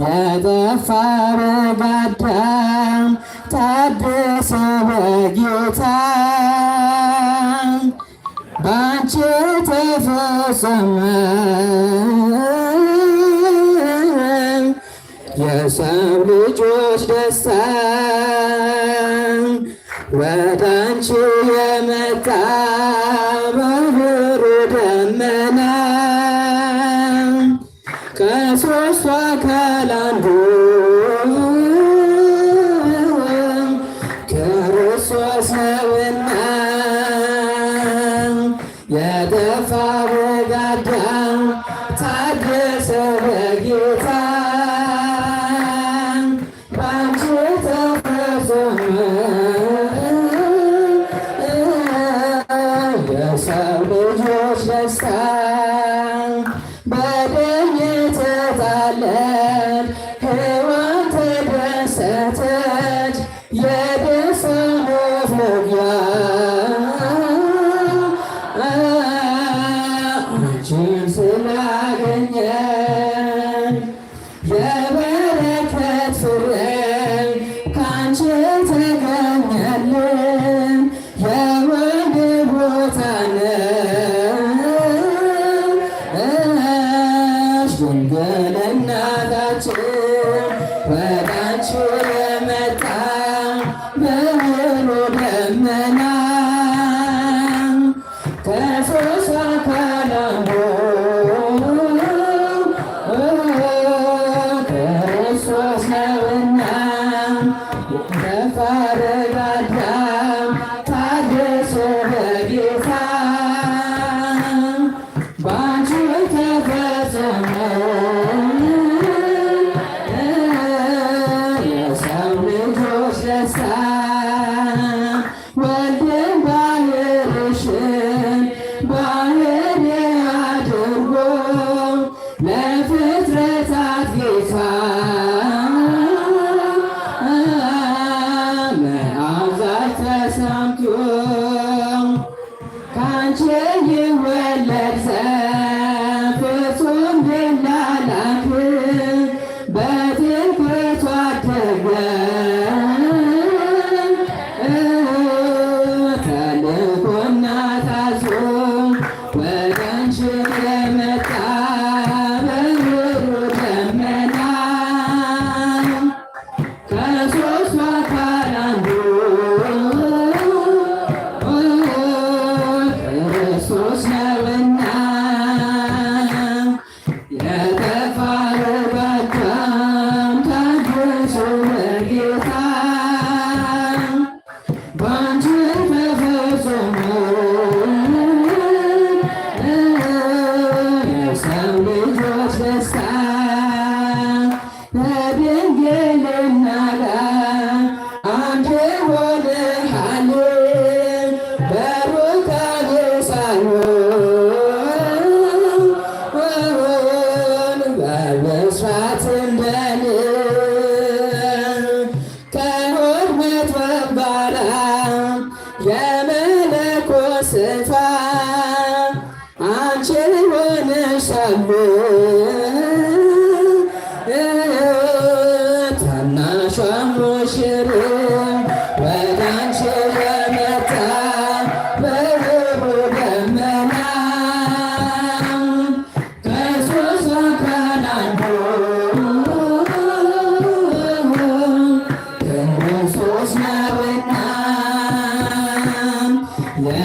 ለጠፋው በአዳም ታደሰ በጌታ ባንቺ ተፈጸመ የሰው ልጆች ደስታ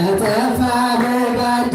ከጠፋ በባድ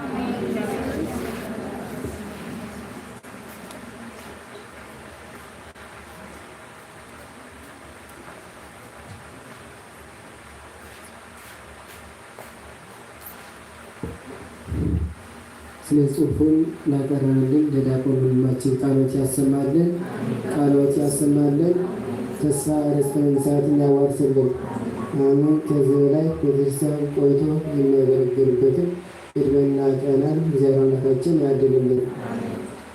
ስለ ጽሁፉን ላቀረበልን ለዲያቆን ወንድማችን ቃሎት ያሰማልን፣ ቃሎት ያሰማልን፣ ተስፋ ርስተ መንሳትን ያዋርስልን። አሁን ከዚህ በላይ ቤተክርስቲያን ቆይቶ የሚያገለግልበትን እድሜና ጤናን እግዚአብሔር አምላካችን ያድልልን።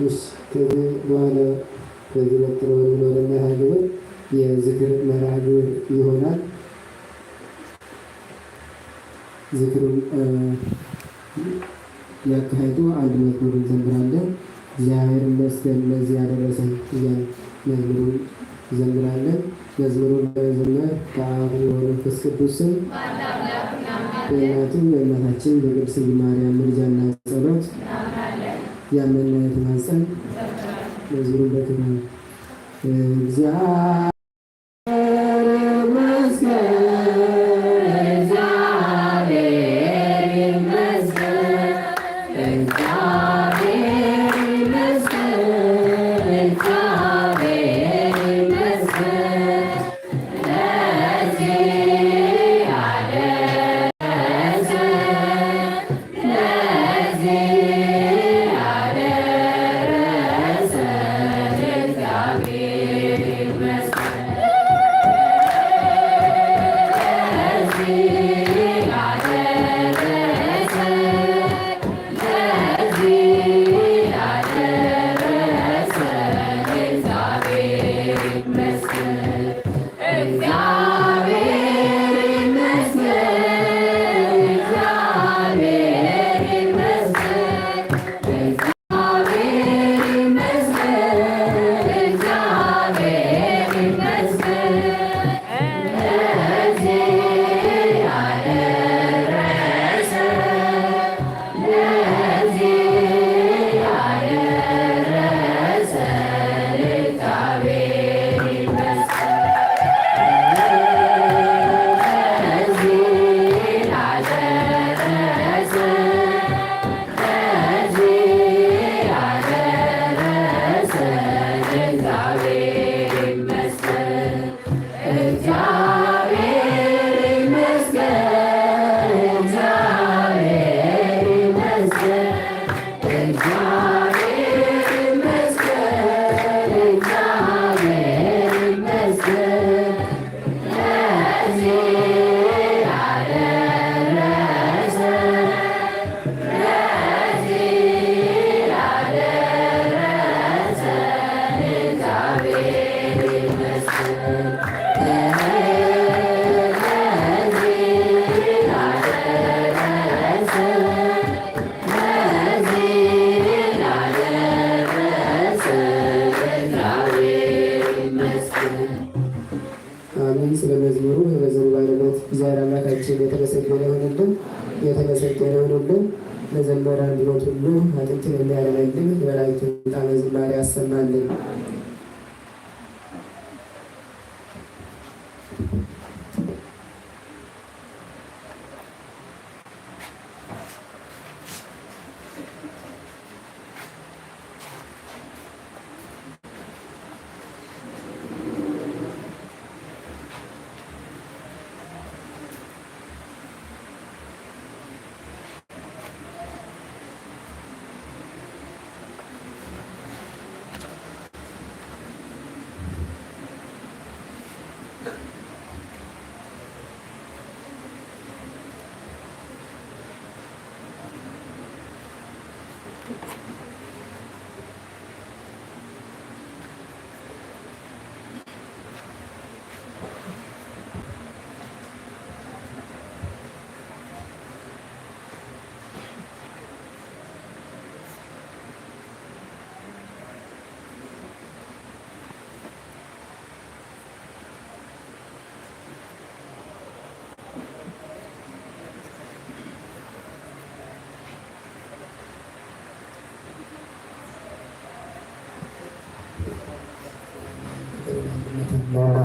እሺ ከዚህ በኋላ ከዚህ ቀጥሎ የሚኖረ መርሃ የዝክር መርሃ ግብር ይሆናል። ዝክሩን ያካሄዱ አንድ ብሎ እንዘምራለን። እግዚአብሔር ይመስገን ለዚህ ያደረሰን እያል መዝሙሩ እንዘምራለን። መዝሙሩ ለመዘመር ከአብ ወመንፈስ ቅዱስም በእናቱም በእናታችን በቅድስት ድንግል ማርያም ምልጃና ጸሎት ያመና የተማጸን መዝሙሩን በክብር እግዚአ Thank God.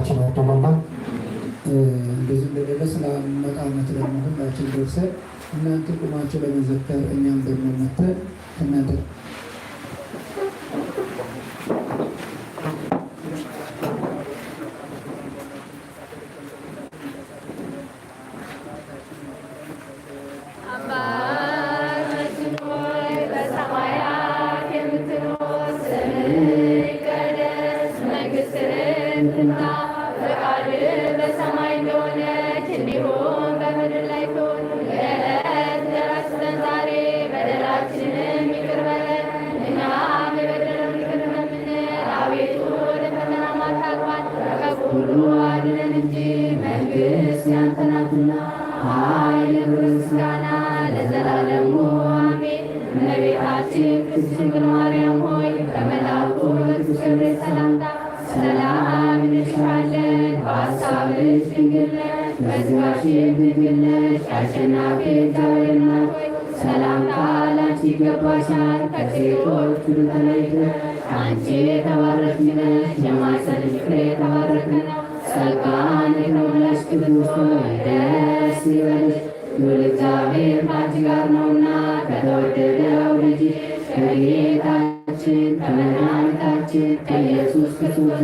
ሀገራችን ያደለና እንደዚህ እንደደረስ ለመቃመት ደግሞ ሁላችን ደርሰ እናንተ ቁማቸው ለመዘከር እኛም ደግሞ መተን እመቤት አንቺ የተባረክሽ ነሽ፣ የማኅፀንሽ ፍሬ የተባረከ ነው። ጸጋን የተሞላሽ ቅድስት ደስ ይበልሽ፣ ልዑል እግዚአብሔር ከአንቺ ጋር ነውና ከተወደደው ልጅሽ ከጌታችን ከመድኃኒታችን ከኢየሱስ ክርስቶስ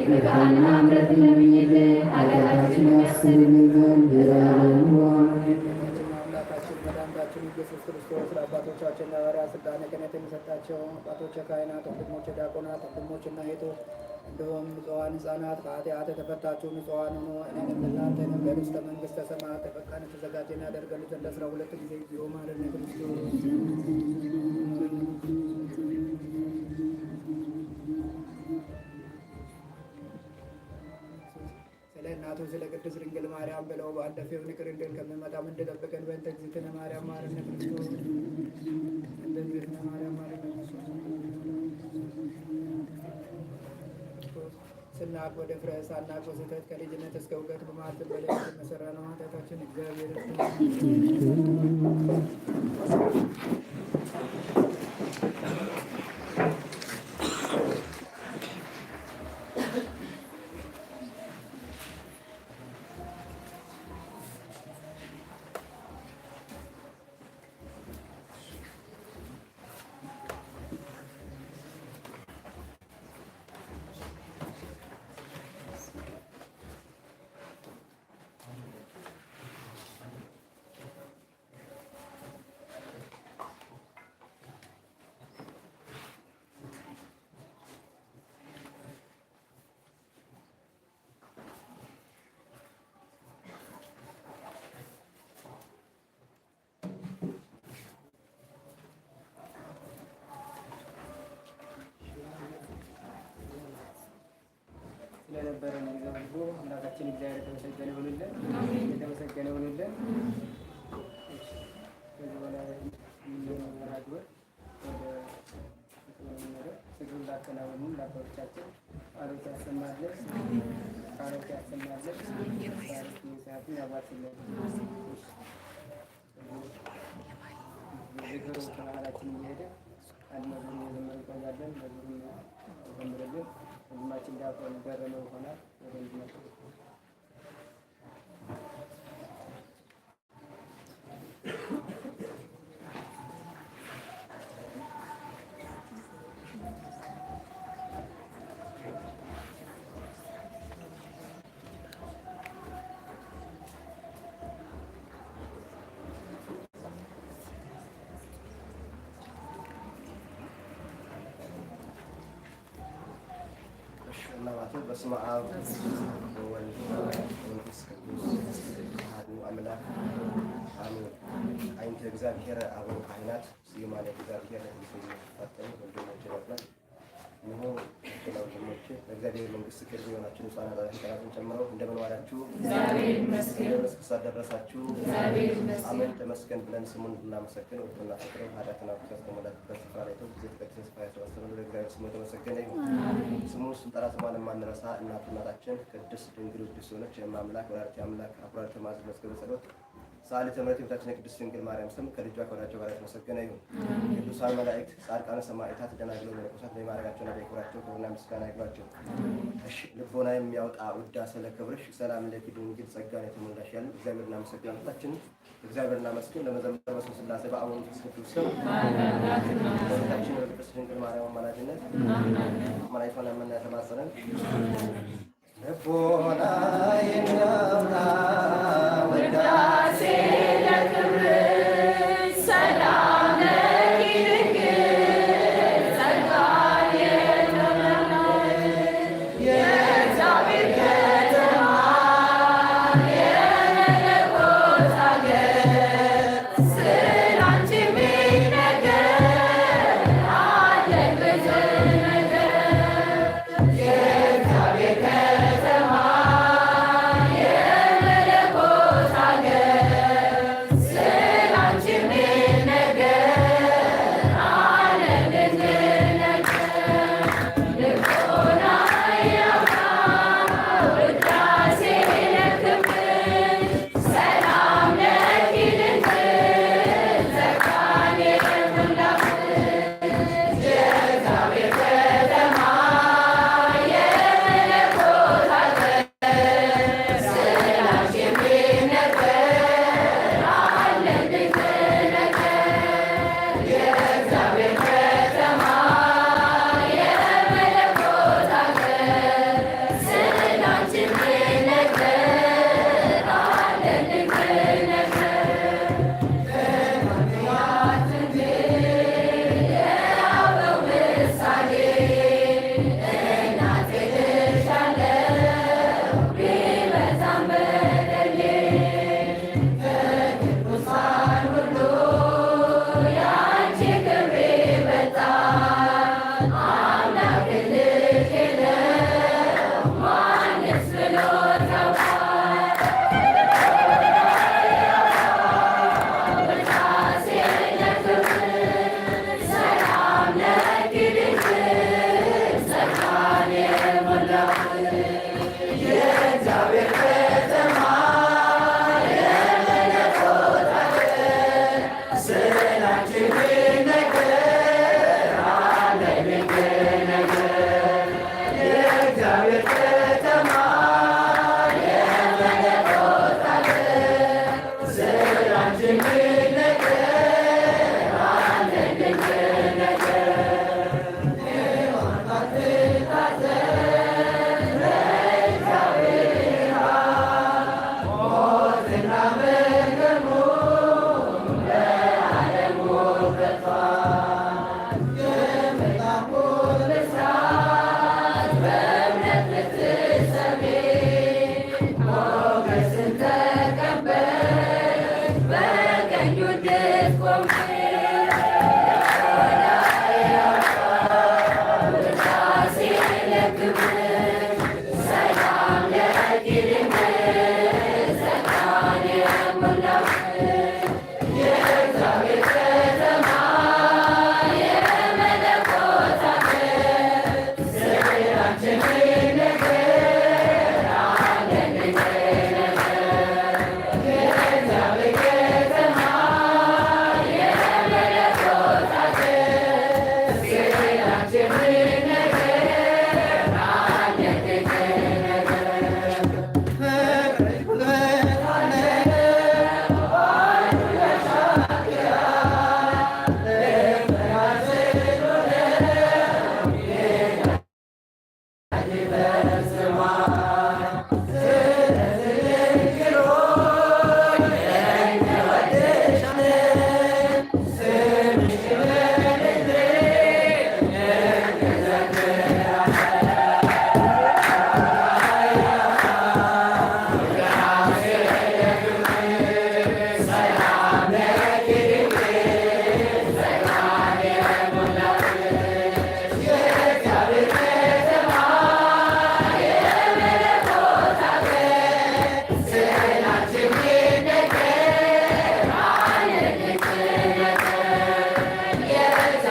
ይቅርታና ምሕረት ለምኝልን ኃጢአታችንን ያስተሰርይልን ለዘላለሙ ኢየሱስ ክርስቶስ ለአባቶቻችን ለባሪያ ስልጣነ ክህነት የሚሰጣቸው አባቶች፣ ካህናት፣ ወንድሞች፣ ዲያቆናት፣ ወንድሞችና እህቶች እንዲሁም ንጹሐን ሕፃናት ከኃጢአት የተፈታችሁ ንጹሐን ሆኖ እኔንም እናንተንም ለርስተ መንግሥተ ሰማያት ተበቃን ተዘጋጀን ያደርገን ዘንድ አስራ ሁለት ጊዜ እግዚኦ ማረነ ክርስቶስ እናቱ ስለ ቅድስት ድንግል ማርያም ብለው ባለፈው ይቅር እንድን ከምንመጣም እንደጠበቀን በእንተ እግዝእትነ ማርያም ማረነ ክርስቶስ እግዝእትነ ማርያም ማረነ ስናቅ ወደ ፍረስ አናቅ ስህተት ከልጅነት እስከ እውቀት በማለት በላይ መሰራ ነው ኃጢአታችን እግዚአብሔር የተከበረ ዛ ሁሉ አምላካችን እግዚአብሔር የተመሰገነ ይሁንልን፣ የተመሰገነ ይሁንልን። ከዚህ በላይ መርሃ ግብር ስግብ ላከናወኑ ለአባቶቻችን ቃሎት ያሰማለን፣ ቃሎት ያሰማለን። ሰዓትን ያባትለን ዝክሩ ከመሃላችን እየሄደ አንዱ ዘመን ቆያለን በዙሩ ዘምርልን ወንድማችን ዳቆን ገረመው ይሆናል ወደ እናባቱ በስመ አብ ወወልድ ወመንፈስ ቅዱስ አሐዱ አምላክ አሜን። አይንተ እግዚአብሔር አቡነ ካህናት ስዩማነ እግዚአብሔር ፈጥን ወንድሞች ነበር ቅድስት ቅድም የሆናችሁ ንጹሐን አባላት ሊቃውንትን ጨምረው እንደምን ዋላችሁ? ክርስቶስ አደረሳችሁ። አሜን ተመስገን ብለን ስሙን ብናመሰግን ወድና ፍቅር ኃጢአትና ቁጣ ስፍራ ላይ ጊዜ ተቀድሰን ስፍራ የተወሰነ ለእግዚአብሔር ስሙ የተመሰገነ ይሁን። ስሙን ስንጠራ ስሟን የማንረሳ እናቱ እናታችን ቅድስት ድንግል ውድ ሲሆነች የማምላክ ወላዲተ አምላክ አኩራሪተ ማዕዝ መዝገበ ጸሎት ሰዓሊተ ምሕረት የቤታችን የቅድስት ድንግል ማርያም ስም ከልጇ ከወዳጇ ጋር የተመሰገነ ይሁን። ቅዱሳን መላእክት፣ ጻድቃን፣ ሰማዕታት፣ ደናግል፣ መነኮሳት በማዕረጋቸውና በክብራቸው ክብርና ምስጋና ይግባቸው። እሺ ልቦና የሚያወጣ ውዳሴ ለክብርሽ፣ ሰላም ለኪ ድንግል ጸጋን የተሞላሽ ያልን እግዚአብሔር እናመሰግናለን። ሁላችን እግዚአብሔር እናመስግን። ለመዘመር በስመ ሥላሴ በአብ ወመንፈስ ቅዱስ ስም በቤታችን በቅድስት ድንግል ማርያም አማላጅነት አማላጅቷን ለምና የተማጸነን Sera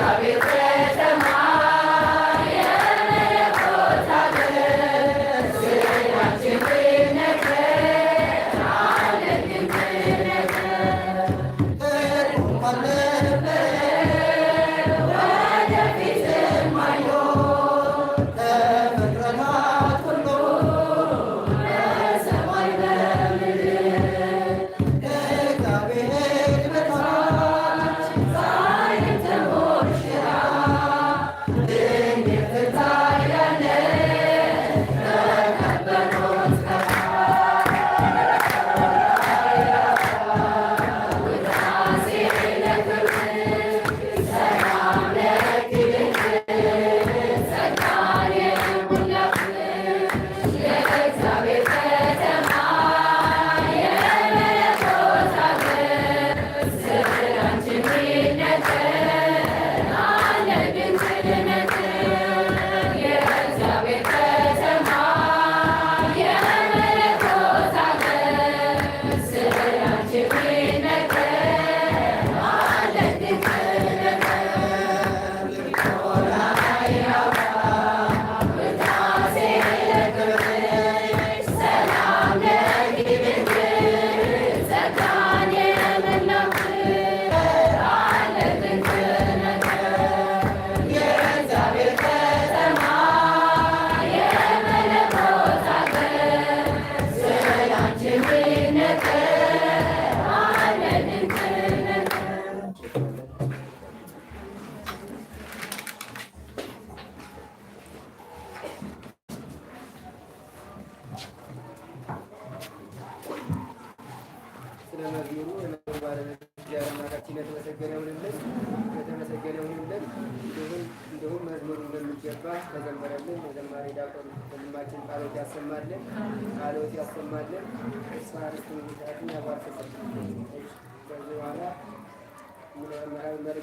saber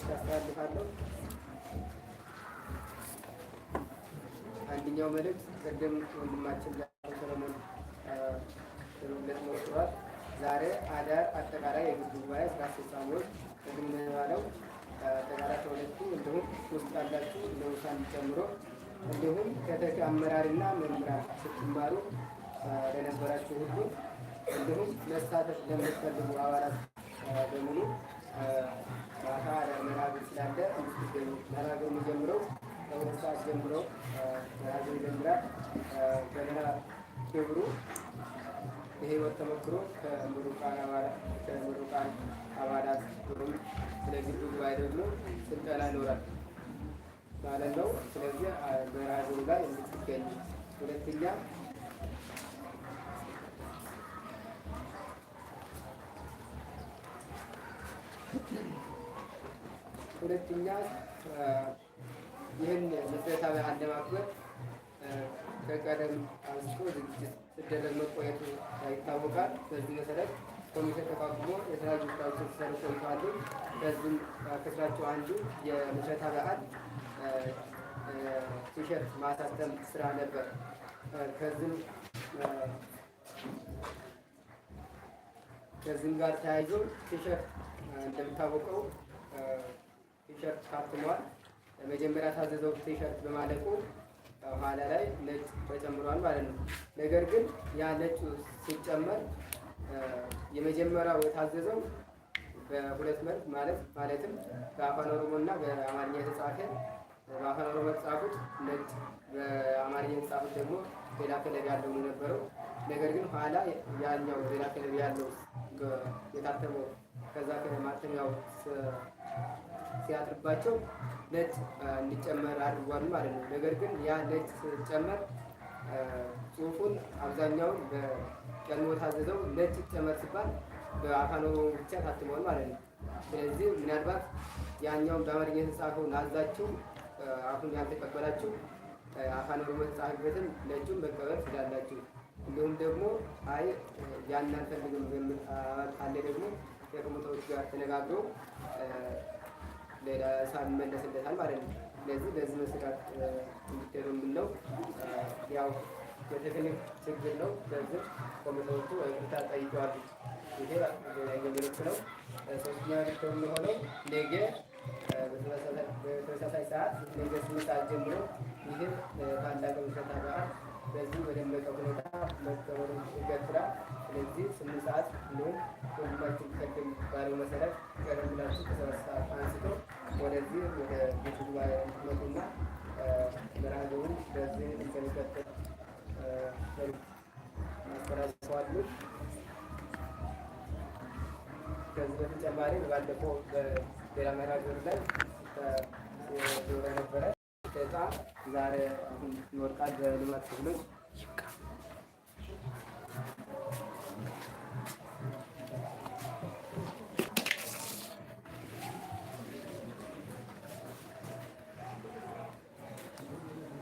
መልእክት አስተላልፋለሁ። አንደኛው መልእክት ቅድም ወንድማችን ሰለሞን ለት መጥሯል። ዛሬ አዳር አጠቃላይ የህዝብ ጉባኤ ስራ አስፈጻሚዎች ቅድም ባለው አጠቃላይ ተወለቱ እንዲሁም ውስጥ ያላችሁ ለውሳን ጨምሮ እንዲሁም ከተክ አመራሪና መምህራን ስትማሩ ለነበራችሁ ሁሉ እንዲሁም መሳተፍ ለምትፈልጉ አባላት በሙሉ ማታ መርሃግብር ስላለ መርሃግብር የሚጀምረው ከሁለት ሰዓት ጀምረው መርሃግብር ይጀምራል። ገና ግብሩ የህይወት ተሞክሮ ከምሩቃን አባላት ሩም ስለ ግቢ ጉባኤ ደግሞ ስልጠና ይኖራል ማለት ነው። ስለዚህ መርሃግብሩ ላይ የምትገኙ ሁለተኛ ሁለተኛ ይህን መሰረታዊ አለማክበር ከቀደም አንስቶ ዝግጅት ስደረግ መቆየቱ ይታወቃል። በዚህ መሰረት ኮሚቴ ተቋቁሞ የተለያዩ ስራዎች ሲሰሩ ቆይተዋል። ከዚህም ከስራቸው አንዱ የምስረታ በዓል ቲሸርት ማሳተም ስራ ነበር። ከዚህም ከዚህም ጋር ተያይዞ ቲሸርት እንደሚታወቀው ቲሸርት ታትሟል። ለመጀመሪያ ታዘዘው ቲሸርት በማለቁ በኋላ ላይ ነጭ ተጨምሯል ማለት ነው። ነገር ግን ያ ነጩ ሲጨመር የመጀመሪያው የታዘዘው በሁለት መልክ ማለት ማለትም በአፋን ኦሮሞ እና በአማርኛ የተጻፈ በአፋን ኦሮሞ የተጻፉት ነጭ፣ በአማርኛ የተጻፉት ደግሞ ሌላ ከለብ ያለው ነበረው። ነገር ግን ኋላ ያኛው ሌላ ከለብ ያለው የታተመው ከዛ ከማተሚያው ሲያጥርባቸው ነጭ እንዲጨመር አድርጓል ማለት ነው። ነገር ግን ያ ነጭ ሲጨመር ጽሁፉን አብዛኛውን በቀድሞ ታዘዘው ነጭ ይጨመር ሲባል በአፋን ብቻ ታትሟል ማለት ነው። ስለዚህ ምናልባት ያኛውን በአማርኛ የተጻፈውን አዛችሁ አሁን ያልተቀበላችሁ አፋን ኦሮሞ የተጻፈበትን ነጩን መቀበል ትችላላችሁ። እንዲሁም ደግሞ አይ ያን አልፈልግም በሚል ካለ ደግሞ ከቅሙታዎች ጋር ተነጋግረው ሌላ ሳንመለስለታል ማለት ነው። ስለዚህ በዚህ መስጋት እንድትሄዱ የምንለው ያው የቴክኒክ ችግር ነው። በዚህ ኮሚቴዎቹ ይቅርታ ጠይቀዋል። ይሄ የምልክ ነው። ሶስተኛ ልክ የሚሆነው ነገ በተመሳሳይ ሰዓት ነገ ስምንት ሰዓት ጀምሮ ይህ ታላቅ ምስረታ በዓል በዚህ በደመቀ ሁኔታ መከበሩ ይገባል። ስለዚህ ስምንት ሰዓት እንዲሁም ሁላችሁ ቀድም ባለው መሰረት ቀደም ብላችሁ ከሰባት ሰዓት አንስቶ ወደዚህ ወደ ቤት ጉባኤ መጡና መርሃ ግብሩን በዚህ እንደሚቀጥል ያስተላልፋሉ። ከዚህ በተጨማሪ ባለፈው በሌላ መርሃ ግብር ላይ ዞረ ነበረ ጣ ዛሬ ይወድቃል በልማት ክፍሎች